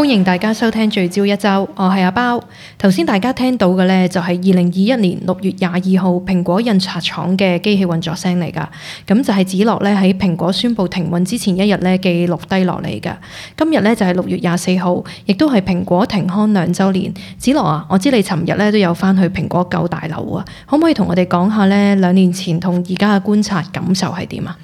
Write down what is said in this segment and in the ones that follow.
歡迎大家收聽聚焦一周，我係阿包。頭先大家聽到嘅呢，就係二零二一年六月廿二號蘋果印刷廠嘅機器運作聲嚟噶，咁就係子樂呢喺蘋果宣布停運之前一日呢記錄低落嚟噶。今日呢，就係六月廿四號，亦都係蘋果停刊兩周年。子樂啊，我知你尋日呢都有翻去蘋果舊大樓啊，可唔可以同我哋講下呢兩年前同而家嘅觀察感受係點啊？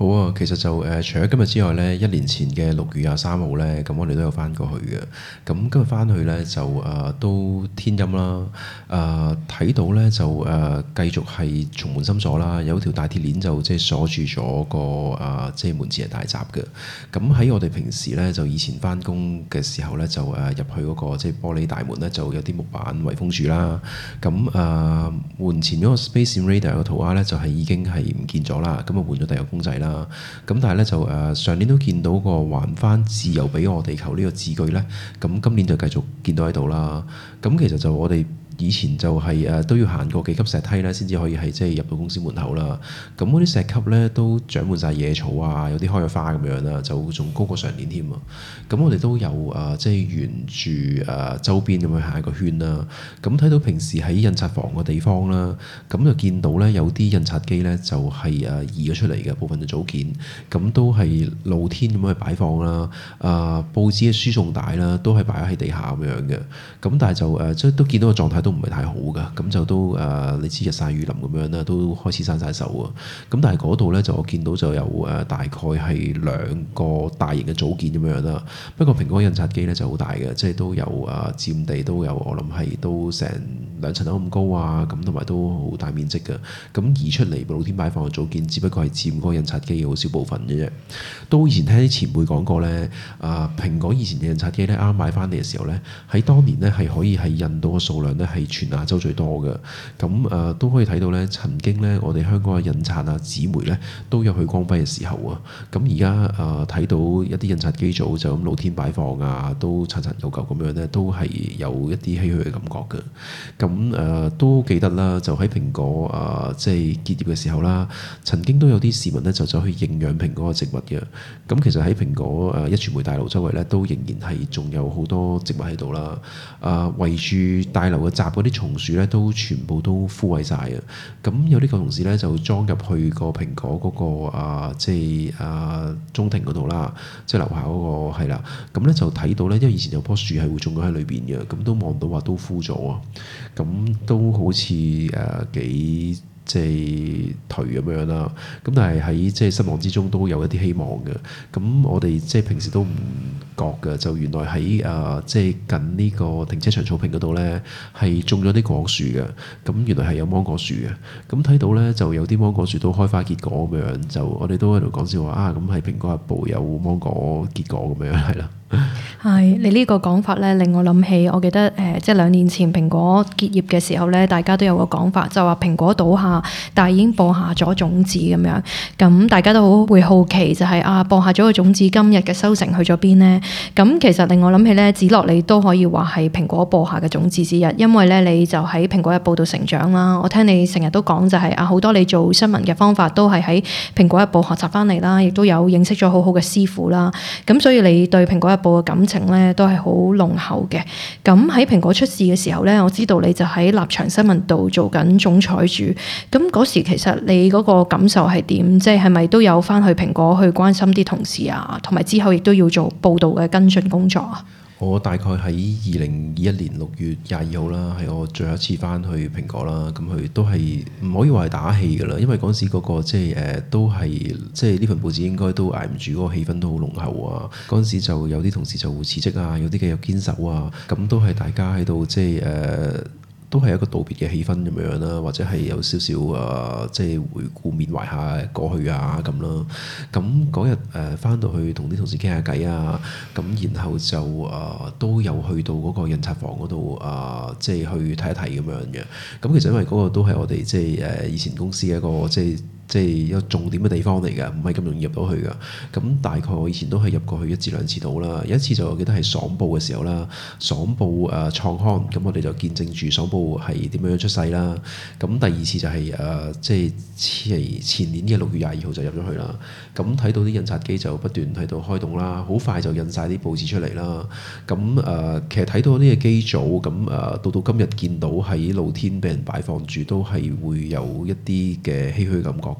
好啊，其實就誒、呃，除咗今日之外咧，一年前嘅六月廿三號咧，咁我哋都有翻過去嘅。咁今日翻去咧，就誒、呃、都天陰啦。誒、呃、睇到咧就誒、呃、繼續係重門深鎖啦，有條大鐵鏈就即係鎖住咗、那個誒、呃、即係門前大閘嘅。咁喺我哋平時咧就以前翻工嘅時候咧就誒入去嗰個即係玻璃大門咧就有啲木板圍封住啦。咁誒、呃、門前嗰個 space radar 嘅圖畫咧就係、是、已經係唔見咗啦。咁啊換咗第二個公仔啦。咁、嗯、但係咧就誒、呃、上年都見到個還返自由俾我地球個呢個字句咧，咁、嗯、今年就繼續見到喺度啦。咁、嗯、其實就我哋。以前就係、是、誒都要行過幾級石梯啦，先至可以係即係入到公司門口啦。咁嗰啲石級咧都長滿晒野草啊，有啲開咗花咁樣啦，就仲高過上年添啊。咁我哋都有啊，即係沿住誒周邊咁樣行一個圈啦。咁睇到平時喺印刷房嘅地方啦，咁就見到咧有啲印刷機咧就係、是、誒移咗出嚟嘅部分嘅組件，咁都係露天咁樣去擺放啦。啊，報紙嘅輸送帶啦都係擺喺地下咁樣嘅。咁但係就誒、啊、即係都見到個狀態都。都唔係太好噶，咁就都誒、呃，你知日曬雨淋咁樣啦，都開始生晒手啊。咁但係嗰度呢，就我見到就有誒、呃，大概係兩個大型嘅組件咁樣啦。不過蘋果印刷機呢就好大嘅，即係都有誒、呃、佔地都有，我諗係都成兩層樓咁高啊，咁同埋都好大面積嘅。咁移出嚟露天擺放嘅組件，只不過係佔個印刷機好少部分嘅啫。都以前聽啲前輩講過呢，啊、呃、蘋果以前嘅印刷機呢，啱買翻嚟嘅時候呢，喺當年呢，係可以係印到嘅數量呢係。全亞洲最多嘅，咁誒、呃、都可以睇到咧。曾經呢，我哋香港嘅印刷啊、紙媒呢都有去光輝嘅時候啊。咁而家誒睇到一啲印刷機組就咁露天擺放啊，都殘殘舊舊咁樣呢，都係有一啲唏噓嘅感覺嘅。咁、啊、誒都記得啦，就喺蘋果誒、啊、即係結業嘅時候啦，曾經都有啲市民呢，就走去認養蘋果嘅植物嘅。咁、啊、其實喺蘋果誒、啊、一傳媒大樓周圍呢，都仍然係仲有好多植物喺度啦。誒、啊、圍住大樓嘅。嗰啲松樹咧都全部都枯萎晒嘅，咁有呢個同事咧就裝入去個蘋果嗰個啊，即係啊中庭嗰度啦，即係樓下嗰個係啦，咁咧就睇到咧，因為以前有棵樹係會種咗喺裏邊嘅，咁都望到話都枯咗啊，咁都好似誒幾即係頹咁樣啦，咁但係喺即係失望之中都有一啲希望嘅，咁我哋即係平時都。唔。覺嘅就原來喺誒、啊、即係近呢個停車場草坪嗰度呢，係種咗啲果樹嘅。咁原來係有芒果樹嘅。咁睇到呢，就有啲芒果樹都開花結果咁樣，就我哋都喺度講笑話啊，咁喺蘋果日報有芒果結果咁樣係啦。係你呢個講法呢，令我諗起，我記得誒、呃，即係兩年前蘋果結業嘅時候呢，大家都有個講法，就話、是、蘋果倒下，但係已經播下咗種子咁樣。咁大家都好會好奇，就係、是、啊播下咗個種子，今日嘅收成去咗邊呢？咁其實令我諗起咧，子樂你都可以話係蘋果播下嘅種子之一，因為咧你就喺蘋果日報度成長啦。我聽你成日都講就係啊，好多你做新聞嘅方法都係喺蘋果日報學習翻嚟啦，亦都有認識咗好好嘅師傅啦。咁所以你對蘋果日報嘅感情咧都係好濃厚嘅。咁喺蘋果出事嘅時候咧，我知道你就喺立場新聞度做緊總採主。咁嗰時其實你嗰個感受係點？即係係咪都有翻去蘋果去關心啲同事啊？同埋之後亦都要做報道嘅跟進工作啊，我大概喺二零二一年六月廿二號啦，係我最後一次翻去蘋果啦，咁佢都係唔可以話係打氣噶啦，因為嗰陣時嗰個即係誒都係即係呢份報紙應該都捱唔住，嗰個氣氛都好濃厚啊，嗰陣時就有啲同事就會辭職啊，有啲嘅又堅守啊，咁都係大家喺度即係誒。呃都係一個道別嘅氣氛咁樣啦，或者係有少少啊，即係回顧緬懷下過去，那個、啊咁啦。咁嗰日誒翻到去同啲同事傾下偈啊，咁然後就啊都有去到嗰個印刷房嗰度啊，即係去睇一睇咁樣嘅。咁其實因為嗰個都係我哋即係誒以前公司嘅一個即係。即係有重點嘅地方嚟㗎，唔係咁容易入到去㗎。咁大概我以前都係入過去一至兩次到啦。有一次就我記得係爽報嘅時候啦，爽報誒、呃、創刊，咁我哋就見證住爽報係點樣樣出世啦。咁第二次就係、是、誒、呃，即係前年嘅六月廿二號就入咗去啦。咁睇到啲印刷機就不斷喺度開動啦，好快就印晒啲報紙出嚟啦。咁誒、呃，其實睇到呢個機組，咁誒到到今日見到喺露天俾人擺放住，都係會有一啲嘅唏噓感覺。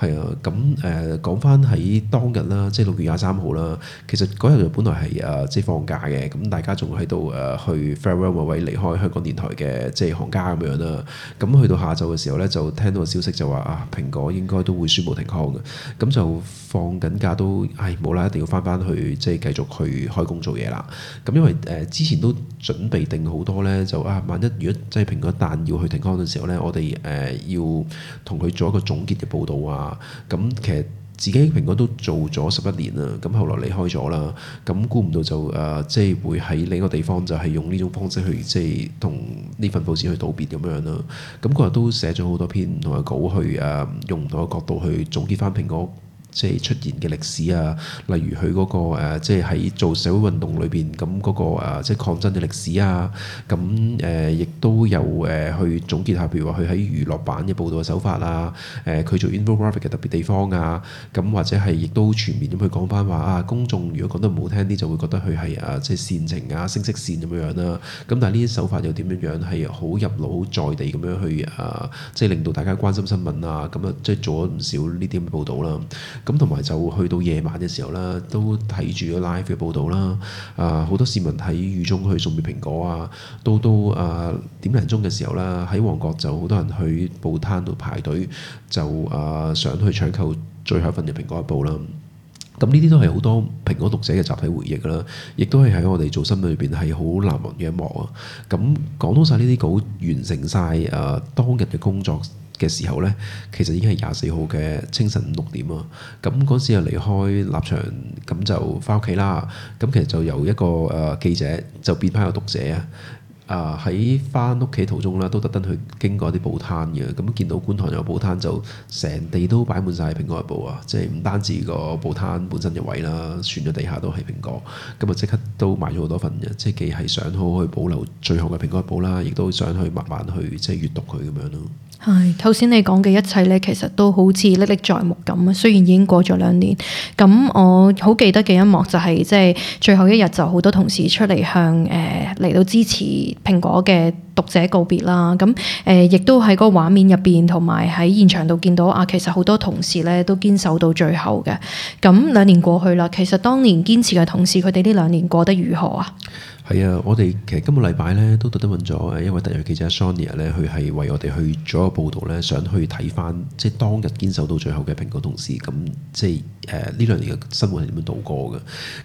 係啊，咁誒、嗯、講翻喺當日啦，即係六月廿三號啦。其實嗰日就本來係誒即係放假嘅，咁大家仲喺度誒去 farewell 位離開香港電台嘅即係行家咁樣啦。咁、嗯、去到下晝嘅時候咧，就聽到消息就話啊，蘋果應該都會宣布停刊嘅。咁、嗯、就放緊假都唉冇啦，一定要翻返去即係、就是、繼續去開工做嘢啦。咁、嗯、因為誒、呃、之前都準備定好多咧，就啊萬一如果即係、就是、蘋果一旦要去停刊嘅時候咧，我哋誒、呃、要同佢做一個總結嘅報道啊。咁其實自己喺蘋果都做咗十一年啦，咁後來離開咗啦，咁估唔到就誒、呃，即係會喺呢個地方就係用呢種方式去即係同呢份報紙去道別咁樣啦。咁、嗯、個都寫咗好多篇唔同嘅稿去誒、呃，用唔同嘅角度去總結翻蘋果。即係出現嘅歷史啊，例如佢嗰、那個即係喺做社會運動裏邊，咁嗰、那個即係、啊就是、抗爭嘅歷史啊。咁、啊、誒，亦都有誒、啊、去總結下，譬如話佢喺娛樂版嘅報導手法啊，誒、啊、佢做 Infographic 嘅特別地方啊。咁、啊、或者係亦都全面咁去講翻話啊，公眾如果講得唔好聽啲，就會覺得佢係誒即係煽情啊、聲色線咁樣樣啦。咁但係呢啲手法又點樣樣係好入腦、好在地咁樣去誒，即、啊、係、就是、令到大家關心新聞啊。咁啊，即、就、係、是、做咗唔少呢啲報導啦。咁同埋就去到夜晚嘅時候啦，都睇住個 live 嘅報導啦，啊、呃、好多市民喺雨中去送別蘋果啊，到到啊、呃、點零鐘嘅時候啦，喺旺角就好多人去報攤度排隊，就啊、呃、想去搶購最後一份嘅蘋果一報啦。咁呢啲都係好多蘋果讀者嘅集體回憶啦，亦都係喺我哋做新聞裏邊係好難忘嘅一幕啊。咁、嗯、講到晒呢啲稿，完成晒誒、呃、當日嘅工作嘅時候咧，其實已經係廿四號嘅清晨六點啊。咁嗰陣時就離開立場，咁就翻屋企啦。咁其實就由一個誒、呃、記者就變翻個讀者啊。啊喺翻屋企途中啦，都特登去經過啲報攤嘅。咁見到觀塘有報攤，就成地都擺滿晒蘋果日報啊！即係唔單止個報攤本身嘅位啦，算咗地下都係蘋果。咁啊，即刻都買咗好多份嘅。即係既係想好去保留最後嘅蘋果日報啦，亦都想去慢慢去即係閲讀佢咁樣咯。係，頭先你講嘅一切咧，其實都好似歷歷在目咁啊！雖然已經過咗兩年，咁我好記得嘅一幕就係即係最後一日就好多同事出嚟向誒嚟、呃、到支持蘋果嘅讀者告別啦。咁誒亦都喺嗰個畫面入邊同埋喺現場度見到啊，其實好多同事咧都堅守到最後嘅。咁兩年過去啦，其實當年堅持嘅同事佢哋呢兩年過得如何啊？係啊，我哋其實今個禮拜咧都特登揾咗誒一位特約記者 Sonya 咧，佢係為我哋去咗個報導咧，想去睇翻即係當日堅守到最後嘅蘋果同事，咁即係誒呢兩年嘅生活係點樣度過嘅？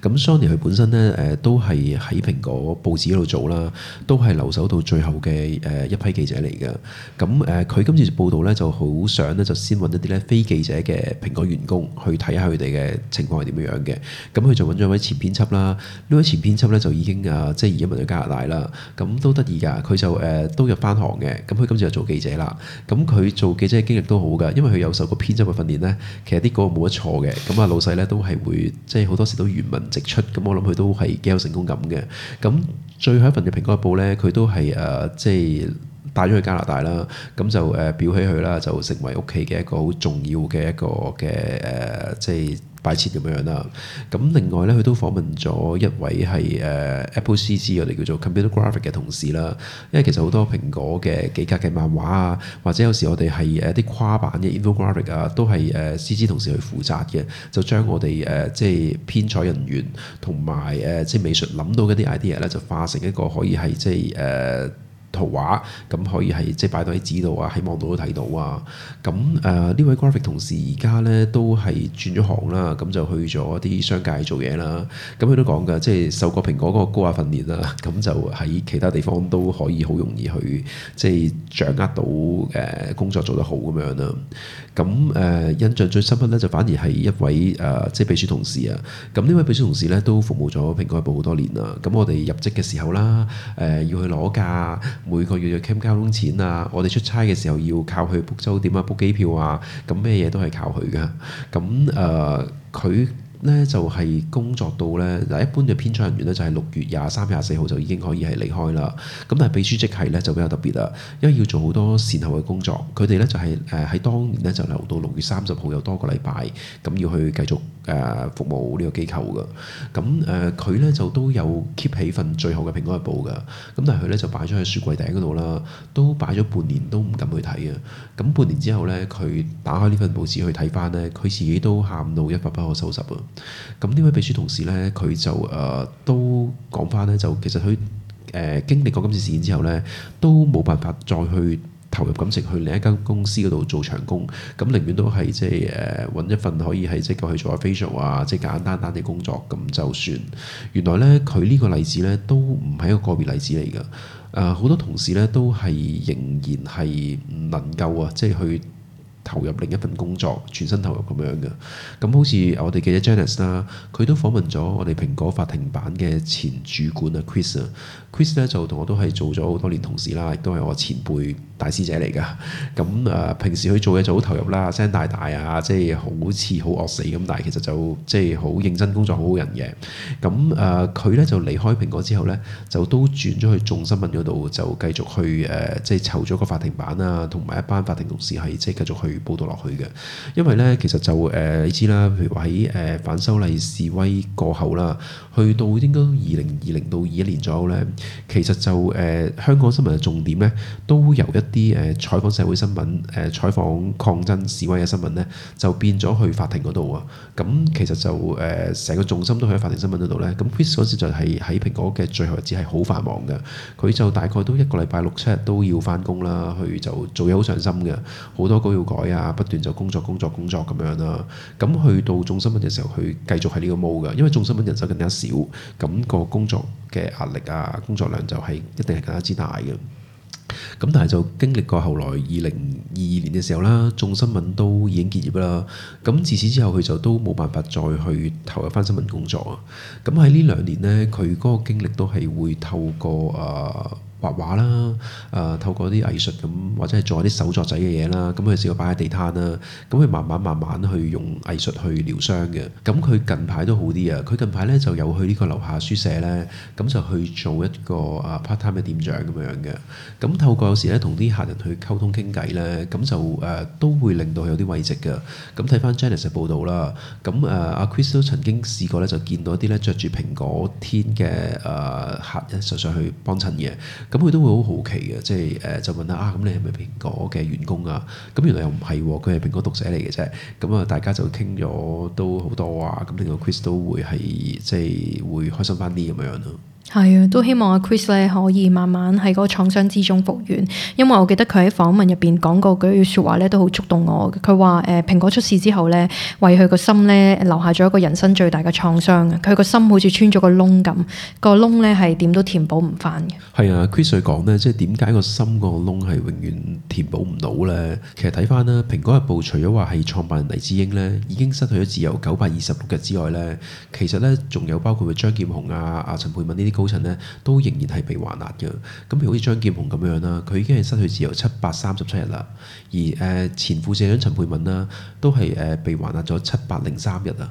咁 Sonya 佢本身咧誒、呃、都係喺蘋果報紙嗰度做啦，都係留守到最後嘅誒一批記者嚟嘅。咁誒佢今次報導咧就好想咧就先揾一啲咧非記者嘅蘋果員工去睇下佢哋嘅情況係點樣樣嘅。咁佢就揾咗一位前編輯啦，呢位前編輯咧就已經啊～即係移民到加拿大啦，咁都得意噶。佢就誒、呃、都入翻行嘅，咁佢今次就做記者啦。咁佢做記者嘅經歷都好噶，因為佢有受過編輯嘅訓練咧。其實啲稿冇得錯嘅，咁阿老細咧都係會即係好多時都原文直出。咁我諗佢都係幾有成功感嘅。咁最後一份嘅《蘋果報呢》咧，佢都係誒即係帶咗去加拿大啦。咁就誒裱起佢啦，就成為屋企嘅一個好重要嘅一個嘅誒、呃、即係。擺設咁樣啦，咁另外咧，佢都訪問咗一位係誒 Apple C G，我哋叫做 Computer Graphic 嘅同事啦。因為其實好多蘋果嘅幾格嘅漫畫啊，或者有時我哋係誒啲跨版嘅 Infographic 啊，都係誒 C G 同事去負責嘅。就將我哋誒即係編採人員同埋誒即係美術諗到嗰啲 idea 咧，就化成一個可以係即係誒。呃圖畫咁可以係即係擺到喺紙度啊，喺網度都睇到啊。咁、呃、誒，呢位 graphic 同事而家咧都係轉咗行啦，咁就去咗啲商界做嘢啦。咁佢都講噶，即係受過蘋果嗰個高壓訓練啦，咁就喺其他地方都可以好容易去即係掌握到誒、呃、工作做得好咁樣啦。咁誒、呃，印象最深刻咧就反而係一位誒、呃、即係秘書同事啊。咁呢位秘書同事咧都服務咗蘋果部好多年啦。咁我哋入職嘅時候啦，誒、呃、要去攞價。每個月要 cam 交通錢啊！我哋出差嘅時候要靠佢 book 酒店啊、book 機票啊，咁咩嘢都係靠佢㗎。咁誒佢，呃咧就係工作到咧嗱，就是、一般嘅編採人員咧就係六月廿三、廿四號就已經可以係離開啦。咁但係秘書職系咧就比較特別啊，因為要做好多善後嘅工作。佢哋咧就係誒喺當年咧就留到六月三十號有多個禮拜，咁要去繼續誒服務呢個機構嘅。咁誒佢咧就都有 keep 起份最後嘅《蘋果日報》噶。咁但係佢咧就擺咗喺雪櫃頂嗰度啦，都擺咗半年都唔敢去睇啊。咁半年之後咧，佢打開呢份報紙去睇翻咧，佢自己都喊到一發不可收拾啊！咁呢位秘書同事咧，佢就誒、呃、都講返咧，就其實佢誒、呃、經歷過今次事件之後咧，都冇辦法再去投入感情去另一間公司嗰度做長工，咁、嗯、寧願都係即係誒揾一份可以係即係去做下 facial 啊，即係簡單單啲工作咁就算。原來咧，佢呢個例子咧，都唔係一個個別例子嚟㗎，誒、呃、好多同事咧都係仍然係唔能夠啊，即係去，投入另一份工作，全身投入咁樣嘅。咁好似我哋嘅 Janice 啦，佢都訪問咗我哋蘋果法庭版嘅前主管啊，Chris 啊。Chris 咧就同我都係做咗好多年同事啦，亦都係我前輩大師姐嚟噶。咁誒、呃，平時佢做嘢就好投入啦，聲大大啊，即、就、係、是、好似好惡死咁，但係其實就即係好認真工作，好好人嘅。咁誒，佢、呃、咧就離開蘋果之後咧，就都轉咗去眾新聞嗰度，就繼續去誒，即係湊咗個法庭版啊，同埋一班法庭同事係即係繼續去。報道落去嘅，因為咧其實就誒、呃、你知啦，譬如話喺誒反修例示威過後啦，去到應該二零二零到二一年左右咧，其實就誒、呃、香港新聞嘅重點咧，都由一啲誒採訪社會新聞誒採訪抗爭示威嘅新聞咧，就變咗去法庭嗰度啊。咁其實就誒成、呃、個重心都喺法庭新聞嗰度咧。咁 Chris 嗰時就係喺蘋果嘅最後日子係好繁忙嘅，佢就大概都一個禮拜六七日都要翻工啦，去就做嘢好上心嘅，好多稿要改。啊！不斷就工作、工作、工作咁樣啦，咁去到眾新聞嘅時候，佢繼續喺呢個模嘅，因為眾新聞人手更加少，咁個工作嘅壓力啊，工作量就係、是、一定係更加之大嘅。咁但係就經歷過後來二零二二年嘅時候啦，眾新聞都已經結業啦。咁自此之後，佢就都冇辦法再去投入翻新聞工作啊。咁喺呢兩年呢，佢嗰個經歷都係會透過啊。畫畫啦，誒透過啲藝術咁，或者係做一啲手作仔嘅嘢啦，咁佢試過擺喺地攤啦，咁佢慢慢慢慢去用藝術去療傷嘅，咁佢近排都好啲啊！佢近排咧就有去呢個樓下書舍咧，咁就去做一個啊 part time 嘅店長咁樣嘅，咁透過有時咧同啲客人去溝通傾偈咧，咁就誒都會令到佢有啲慰藉嘅，咁睇翻 Janice 嘅報導啦，咁誒阿 Crystal 曾經試過咧就見到啲咧着住蘋果 Tee 嘅誒客人就上去幫襯嘅。咁佢都會好好奇嘅，即係誒就問下啊，咁你係咪蘋果嘅員工啊？咁原來又唔係喎，佢係蘋果讀者嚟嘅啫。咁啊，大家就傾咗都好多啊。咁令到 Chris 都會係即係會開心翻啲咁樣咯。係啊，都希望阿 Chris 咧可以慢慢喺嗰個創傷之中復原，因為我記得佢喺訪問入邊講過句説話咧，都好觸動我。佢話誒蘋果出事之後咧，為佢個心咧留下咗一個人生最大嘅創傷嘅，佢個，個，個心好似穿咗個窿咁，個窿咧係點都填補唔翻嘅。係啊，Chris 佢講咧，即係點解個心個窿係永遠填補唔到咧？其實睇翻啦，《蘋果日報》除咗話係創辦人黎智英咧，已經失去咗自由九百二十六日之外咧，其實咧仲有包括佢張劍虹啊、阿陳佩敏呢啲。高層咧都仍然係被還押嘅，咁譬如好似張劍虹咁樣啦，佢已經係失去自由七百三十七日啦，而誒前副社長陳沛敏啦，都係誒被還押咗七百零三日啦，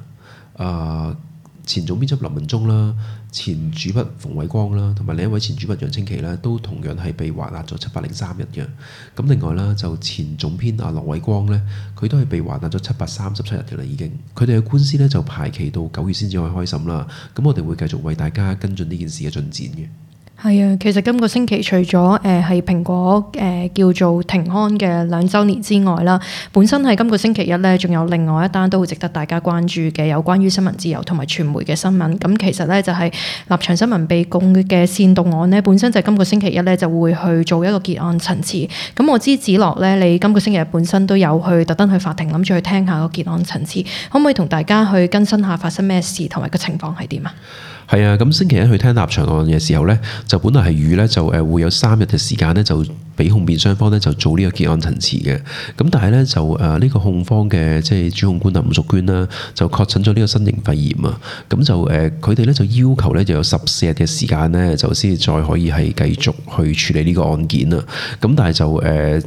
啊、呃。前總編輯林文忠啦，前主筆馮偉光啦，同埋另一位前主筆楊清奇呢，都同樣係被還押咗七百零三日嘅。咁另外啦，就前總編阿羅偉光呢，佢都係被還押咗七百三十七日嘅啦，已經。佢哋嘅官司呢，就排期到九月先至可以開審啦。咁我哋會繼續為大家跟進呢件事嘅進展嘅。係啊，其實今個星期除咗誒係蘋果誒、呃、叫做停刊嘅兩週年之外啦，本身係今個星期一呢，仲有另外一單都好值得大家關注嘅，有關於新聞自由同埋傳媒嘅新聞。咁其實呢，就係、是、立場新聞被控嘅煽動案呢，本身就係今個星期一呢就會去做一個結案陳詞。咁我知子樂呢，你今個星期日本身都有去特登去法庭，諗住去聽下個結案陳詞，可唔可以同大家去更新下發生咩事同埋個情況係點啊？係啊，咁星期一去聽立場案嘅時候咧，就本來係預咧就誒會有三日嘅時間咧，就俾控辯雙方咧就做呢個結案陳詞嘅。咁但係咧就誒呢、呃呢個控方嘅即係主控官林淑娟啦，就確診咗呢個新型肺炎啊。咁就誒佢哋咧就要求咧就有十四日嘅時間咧，就先再可以係繼續去處理呢個案件啊。咁但係就誒。呃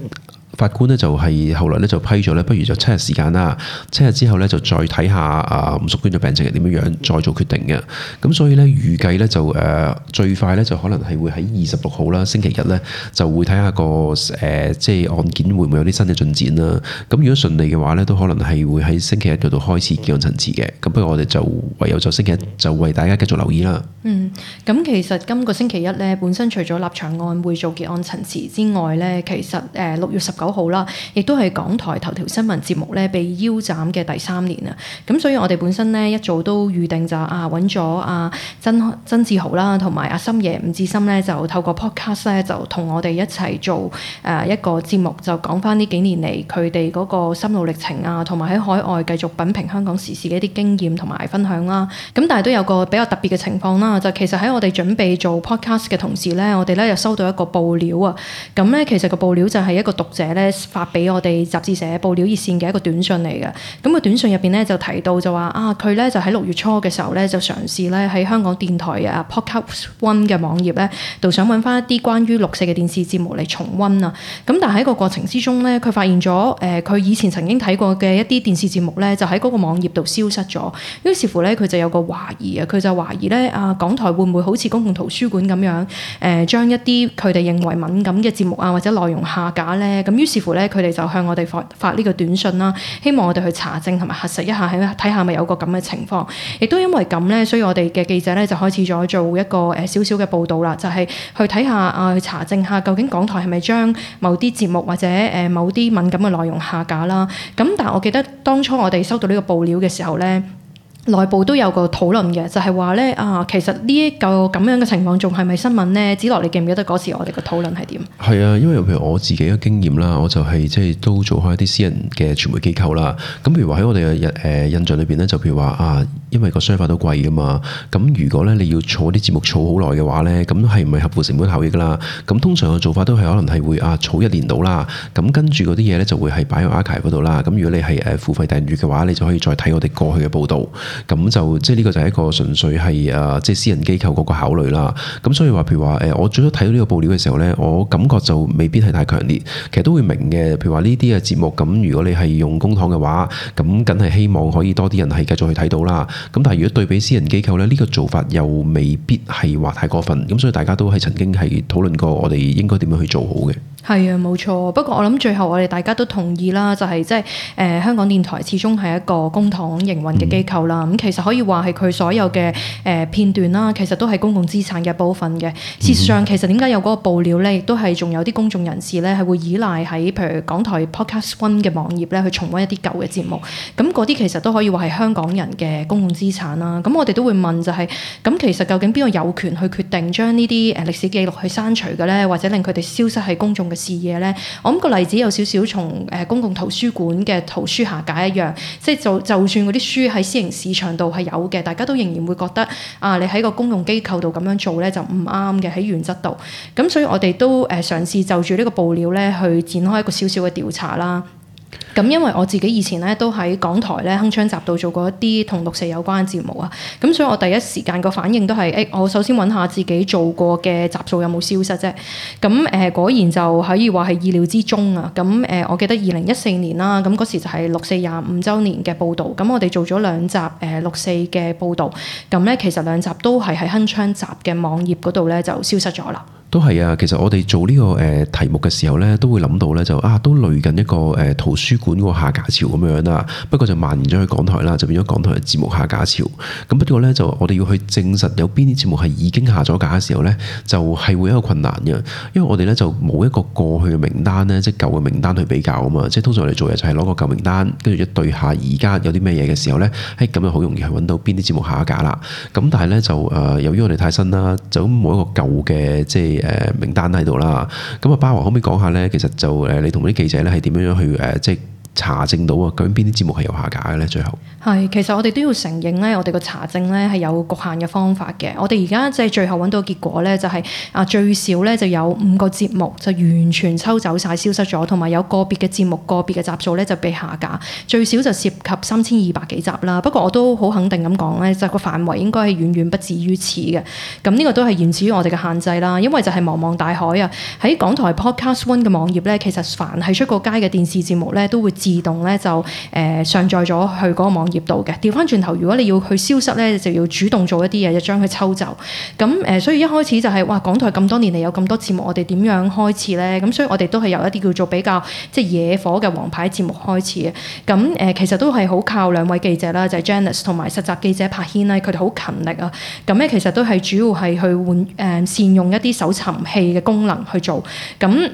法官咧就係後來咧就批咗咧，不如就七日時間啦。七日之後咧就再睇下啊吳淑娟嘅病情係點樣樣，再做決定嘅。咁所以咧預計咧就誒、呃、最快咧就可能係會喺二十六號啦，星期日咧就會睇下個誒、呃、即係案件會唔會有啲新嘅進展啦。咁如果順利嘅話咧，都可能係會喺星期日度開始結案陳詞嘅。咁不過我哋就唯有就星期一就為大家繼續留意啦。嗯，咁其實今個星期一咧，本身除咗立場案會做結案陳詞之外咧，其實誒六月十九。都好啦，亦都係港台頭條新聞節目咧被腰斬嘅第三年啊，咁所以我哋本身咧一早都預定就啊揾咗阿曾曾志豪啦，同埋阿深爺吳志森咧就透過 podcast 咧就同我哋一齊做誒、啊、一個節目，就講翻呢幾年嚟佢哋嗰個心路歷程啊，同埋喺海外繼續品評香港時事嘅一啲經驗同埋分享啦。咁但係都有個比較特別嘅情況啦，就其實喺我哋準備做 podcast 嘅同時咧，我哋咧又收到一個報料啊。咁咧其實個報料就係一個讀者咧。發俾我哋集誌社報料熱線嘅一個短信嚟嘅，咁、那個短信入邊咧就提到就話啊，佢咧就喺六月初嘅時候咧就嘗試咧喺香港電台啊 Podcast One 嘅網頁咧就想揾翻一啲關於六四嘅電視節目嚟重溫啊，咁但係喺個過程之中咧，佢發現咗誒佢以前曾經睇過嘅一啲電視節目咧就喺嗰個網頁度消失咗，於是乎咧佢就有個懷疑啊，佢就懷疑咧啊港台會唔會好似公共圖書館咁樣誒、呃、將一啲佢哋認為敏感嘅節目啊或者內容下架咧，咁於。於是乎咧，佢哋就向我哋發發呢個短信啦，希望我哋去查證同埋核實一下，係睇下咪有個咁嘅情況。亦都因為咁咧，所以我哋嘅記者咧就開始咗做一個誒少少嘅報道啦，就係去睇下啊去查證下究竟港台係咪將某啲節目或者誒某啲敏感嘅內容下架啦。咁，但我記得當初我哋收到呢個報料嘅時候咧。內部都有個討論嘅，就係話咧啊，其實呢、這、一個咁樣嘅情況，仲係咪新聞呢？子樂，你記唔記得嗰時我哋嘅討論係點？係啊，因為譬如我自己嘅經驗啦，我就係即係都做開一啲私人嘅傳媒機構啦。咁譬如話喺我哋嘅印象裏邊咧，就譬如話啊，因為個商法都貴噶嘛，咁如果咧你要儲啲節目儲好耐嘅話咧，咁係唔係合乎成本效益啦？咁通常嘅做法都係可能係會啊儲一年到啦，咁跟住嗰啲嘢咧就會係擺喺 archive 嗰度啦。咁如果你係誒付費訂閱嘅話，你就可以再睇我哋過去嘅報導。咁就即係呢個就係一個純粹係誒，即、啊、係、就是、私人機構嗰個考慮啦。咁所以話，譬如話誒，我最初睇到呢個報料嘅時候咧，我感覺就未必係太強烈，其實都會明嘅。譬如話呢啲嘅節目，咁如果你係用公帑嘅話，咁梗係希望可以多啲人係繼續去睇到啦。咁但係如果對比私人機構咧，呢、這個做法又未必係話太過分。咁所以大家都係曾經係討論過，我哋應該點樣去做好嘅。係啊，冇錯。不過我諗最後我哋大家都同意啦，就係即係誒香港電台始終係一個公帑營運嘅機構啦。咁、嗯、其實可以話係佢所有嘅誒、呃、片段啦，其實都係公共資產嘅部分嘅。事實上其實點解有嗰個報料咧，亦都係仲有啲公眾人士咧係會依賴喺譬如港台 Podcast One 嘅網頁咧去重温一啲舊嘅節目。咁嗰啲其實都可以話係香港人嘅公共資產啦。咁、嗯、我哋都會問就係、是，咁、嗯、其實究竟邊個有權去決定將呢啲誒歷史記錄去刪除嘅咧，或者令佢哋消失喺公眾嘅視野咧，我諗個例子有少少從誒公共圖書館嘅圖書下架一樣，即係就、就算嗰啲書喺私營市場度係有嘅，大家都仍然會覺得啊，你喺個公共機構度咁樣做呢，就唔啱嘅喺原則度。咁所以我哋都誒嘗試就住呢個報料呢，去展開一個少少嘅調查啦。咁因為我自己以前咧都喺港台咧《鏗鏘集》度做過一啲同六四有關嘅節目啊，咁、嗯、所以我第一時間個反應都係，誒、欸，我首先揾下自己做過嘅集數有冇消失啫。咁、嗯、誒、呃，果然就可以話係意料之中啊。咁、嗯、誒、呃，我記得二零一四年啦，咁、嗯、嗰時就係六四廿五週年嘅報導，咁、嗯、我哋做咗兩集誒六四嘅報導，咁、嗯、咧其實兩集都係喺《鏗鏘集》嘅網頁嗰度咧就消失咗啦。都係啊，其實我哋做呢個誒題目嘅時候咧，都會諗到咧就啊，都類近一個誒圖書館個下架潮咁樣啦。不過就蔓延咗去港台啦，就變咗港台嘅節目下架潮。咁不過咧，就我哋要去證實有邊啲節目係已經下咗架嘅時候咧，就係會一個困難嘅，因為我哋咧就冇一個過去嘅名單咧，即係舊嘅名單去比較啊嘛。即係通常我哋做嘢就係攞個舊名單，跟住一對下而家有啲咩嘢嘅時候咧，係咁就好容易係揾到邊啲節目下架啦。咁但係咧就誒，由於我哋太新啦，就冇一個舊嘅即係。誒名單喺度啦，咁啊巴王可唔可以講下咧？其實就誒，你同啲記者咧係點樣樣去誒，即查證到啊，咁邊啲節目係有下架嘅咧？最後係其實我哋都要承認咧，我哋個查證咧係有局限嘅方法嘅。我哋而家即係最後揾到結果咧，就係啊最少咧就有五個節目就完全抽走晒，消失咗，同埋有，有個別嘅節目個別嘅集數咧就被下架，最少就涉及三千二百幾集啦。不過我都好肯定咁講咧，就個範圍應該係遠遠不止於此嘅。咁、這、呢個都係源自於我哋嘅限制啦，因為就係茫茫大海啊！喺港台 Podcast One 嘅網頁咧，其實凡係出過街嘅電視節目咧，都會自自動咧就誒、呃、上載咗去嗰個網頁度嘅。調翻轉頭，如果你要去消失咧，就要主動做一啲嘢，就將佢抽走。咁誒、呃，所以一開始就係、是、哇，港台咁多年嚟有咁多節目，我哋點樣開始咧？咁所以我哋都係由一啲叫做比較即係惹火嘅王牌節目開始嘅。咁誒、呃，其實都係好靠兩位記者啦，就係、是、Janice 同埋實習記者柏軒咧，佢哋好勤力啊。咁咧、呃，其實都係主要係去換誒、呃、善用一啲搜尋器嘅功能去做咁。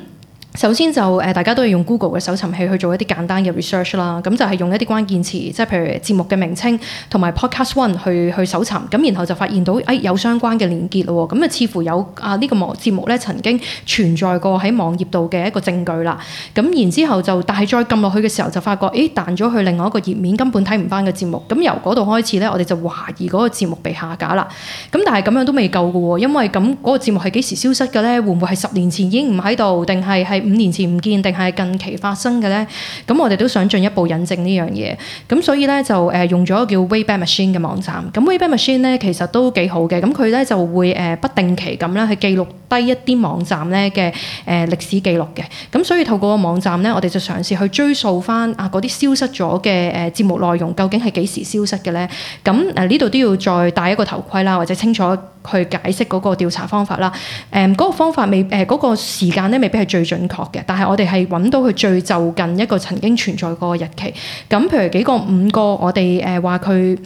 首先就誒，大家都要用 Google 嘅搜尋器去做一啲簡單嘅 research 啦。咁就係、是、用一啲關鍵詞，即係譬如節目嘅名稱同埋 Podcast One 去去搜尋，咁然後就發現到誒有相關嘅連結咯。咁、嗯、啊，似乎有啊呢、這個網節目咧曾經存在過喺網頁度嘅一個證據啦。咁然之後就，但係再撳落去嘅時候就發覺誒彈咗去另外一個頁面，根本睇唔翻個節目。咁、嗯、由嗰度開始咧，我哋就懷疑嗰個節目被下架啦。咁、嗯、但係咁樣都未夠嘅喎，因為咁嗰、嗯嗰個節目係幾時消失嘅咧？會唔會係十年前已經唔喺度，定係係。五年前唔見定係近期發生嘅呢，咁我哋都想進一步引證呢樣嘢，咁所以呢，就誒用咗一個叫 Wayback Machine 嘅網站，咁 Wayback Machine 呢，其實都幾好嘅，咁佢呢，就會誒不定期咁咧去記錄低一啲網站呢嘅誒歷史記錄嘅，咁所以透過個網站呢，我哋就嘗試去追溯翻啊嗰啲消失咗嘅誒節目內容究竟係幾時消失嘅呢？咁誒呢度都要再戴一個頭盔啦，或者清楚去解釋嗰個調查方法啦，誒、那、嗰個方法未誒嗰、那個時間咧未必係最準。學嘅，但係我哋係揾到佢最就近一個曾經存在過嘅日期。咁譬如幾個五個，我哋誒話佢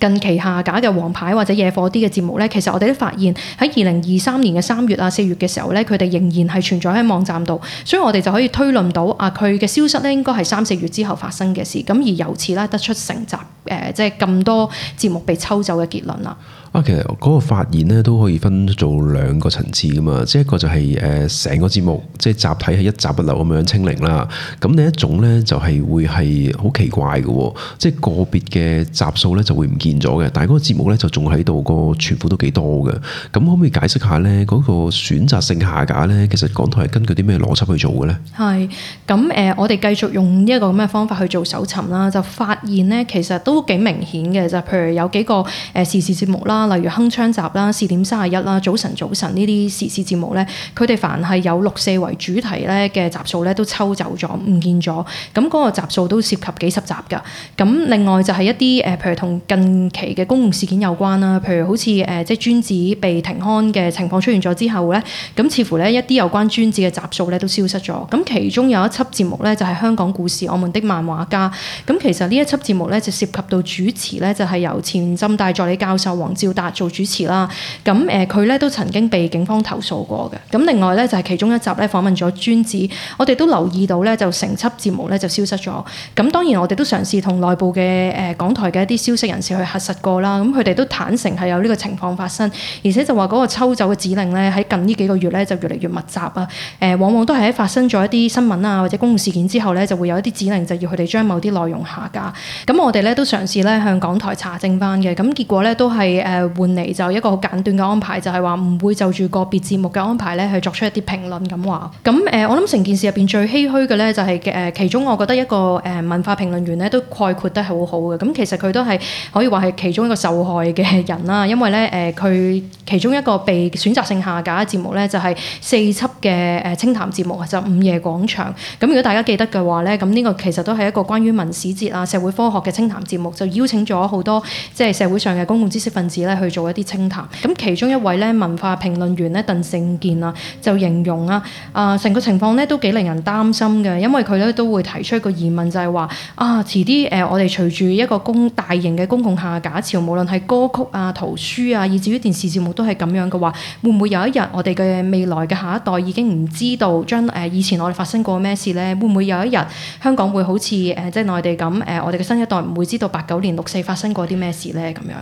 近期下架嘅黃牌或者野火啲嘅節目呢，其實我哋都發現喺二零二三年嘅三月啊、四月嘅時候呢，佢哋仍然係存在喺網站度，所以我哋就可以推論到啊，佢嘅消失呢應該係三四月之後發生嘅事。咁而由此咧得出成集誒、呃，即係咁多節目被抽走嘅結論啦。啊，其實嗰個發現咧都可以分做兩個層次噶嘛，即係一個就係誒成個節目即係集體係一集不留咁樣清零啦。咁另一種咧就係、是、會係好奇怪嘅，哦，即係個別嘅集數咧就會唔見咗嘅，但係嗰個節目咧就仲喺度，個存庫都幾多嘅。咁、嗯、可唔可以解釋下咧嗰、那個選擇性下架咧？其實港台係根據啲咩邏輯去做嘅咧？係咁誒，我哋繼續用呢一個咁嘅方法去做搜尋啦，就發現咧其實都幾明顯嘅，就譬如有幾個誒時事節目啦。例如《鏗鏘集》啦、《四點三十一》啦、《早晨早晨》呢啲時事節目咧，佢哋凡係有六四為主題咧嘅集數咧，都抽走咗，唔見咗。咁嗰個集數都涉及幾十集噶。咁另外就係一啲誒、呃，譬如同近期嘅公共事件有關啦，譬如好似誒、呃、即係專子被停刊嘅情況出現咗之後咧，咁似乎咧一啲有關專子嘅集數咧都消失咗。咁其中有一輯節目咧就係、是《香港故事：我們的漫畫家》。咁其實呢一輯節目咧就涉及到主持咧就係由前浸大助理教授王達做主持啦，咁誒佢咧都曾經被警方投訴過嘅。咁另外咧就係其中一集咧訪問咗專子，我哋都留意到咧就成輯節目咧就消失咗。咁當然我哋都嘗試同內部嘅誒、呃、港台嘅一啲消息人士去核實過啦。咁佢哋都坦承係有呢個情況發生，而且就話嗰個抽走嘅指令咧喺近呢幾個月咧就越嚟越密集啊。誒、呃、往往都係喺發生咗一啲新聞啊或者公共事件之後咧就會有一啲指令就要佢哋將某啲內容下架。咁我哋咧都嘗試咧向港台查證返嘅，咁結果咧都係誒。呃換嚟就一個好簡短嘅安排，就係話唔會就住個別節目嘅安排咧，去作出一啲評論咁話。咁誒、呃，我諗成件事入邊最唏噓嘅咧，就係、是、嘅、呃、其中我覺得一個誒、呃、文化評論員咧，都概括得好好嘅。咁、嗯、其實佢都係可以話係其中一個受害嘅人啦，因為咧誒，佢、呃、其中一個被選擇性下架嘅節目咧，就係、是、四輯嘅誒清談節目，就午夜廣場。咁如果大家記得嘅話呢，咁呢個其實都係一個關於文史節啊、社會科學嘅清談節目，就邀請咗好多即係社會上嘅公共知識分子咧去做一啲清談。咁其中一位咧，文化評論員咧，鄧盛健啊，就形容啊啊成、呃、個情況咧都幾令人擔心嘅，因為佢咧都會提出一個疑問就，就係話啊遲啲誒我哋隨住一個公大型嘅公共下架潮，無論係歌曲啊、圖書啊，以至於電視節目都係咁樣嘅話，會唔會有一日我哋嘅未來嘅下一代已經唔知道將誒以前我哋發生過咩事呢？會唔會有一日香港會好似誒即係內地咁誒，我哋嘅新一代唔會知道八九年六四發生過啲咩事呢？咁樣？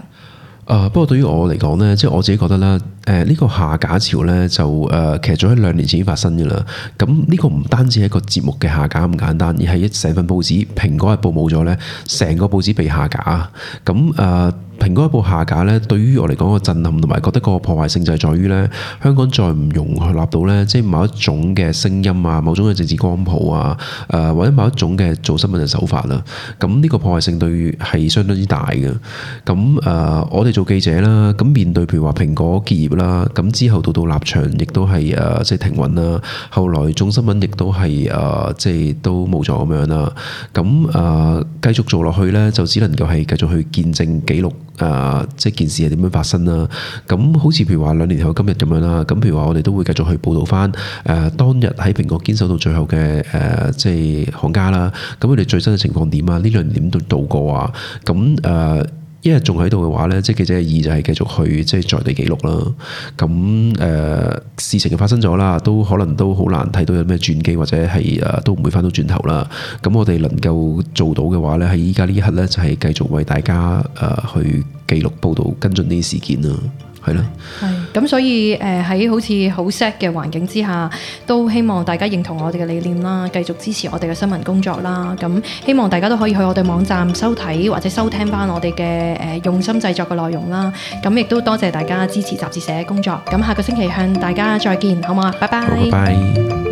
誒，不過對於我嚟講呢，即係我自己覺得啦，誒、呃、呢、呢個下架潮呢，就誒、呃、其實早喺兩年前已經發生噶啦。咁呢個唔單止係一個節目嘅下架咁簡單，而係一成份報紙蘋果日報冇咗呢，成個報紙被下架。咁誒。呃蘋果一步下架咧，對於我嚟講嘅震撼同埋覺得嗰個破壞性就係在於咧，香港再唔容許立到咧，即係某一種嘅聲音啊，某種嘅政治光譜啊，誒、呃、或者某一種嘅做新聞嘅手法啦。咁呢個破壞性對係相當之大嘅。咁誒、呃，我哋做記者啦，咁面對譬如話蘋果結業啦，咁之後到到立場亦都係誒、呃、即係停運啦。後來眾新聞亦都係誒、呃、即係都冇咗咁樣啦。咁誒、呃、繼續做落去咧，就只能夠係繼續去見證記錄。誒、呃，即件事係點樣發生啦？咁好似譬如話兩年後今日咁樣啦，咁譬如話我哋都會繼續去報道翻誒、呃，當日喺蘋果堅守到最後嘅誒、呃，即係行家啦。咁佢哋最新嘅情況點啊？呢兩年點度度過啊？咁誒、呃一日仲喺度嘅話呢，即係記者嘅意義就係繼續去即係在地記錄啦。咁誒、呃、事情就發生咗啦，都可能都好難睇到有咩轉機或者係誒都唔會返到轉頭啦。咁我哋能夠做到嘅話呢，喺而家呢一刻呢，就係繼續為大家誒去記錄報道、跟進呢啲事件啦。係咯，係咁所以誒喺、呃、好似好 sad 嘅環境之下，都希望大家認同我哋嘅理念啦，繼續支持我哋嘅新聞工作啦。咁、嗯、希望大家都可以去我哋網站收睇或者收聽翻我哋嘅誒用心製作嘅內容啦。咁、嗯、亦都多謝大家支持集誌社工作。咁、嗯、下個星期向大家再見，好唔好？拜拜。Bye bye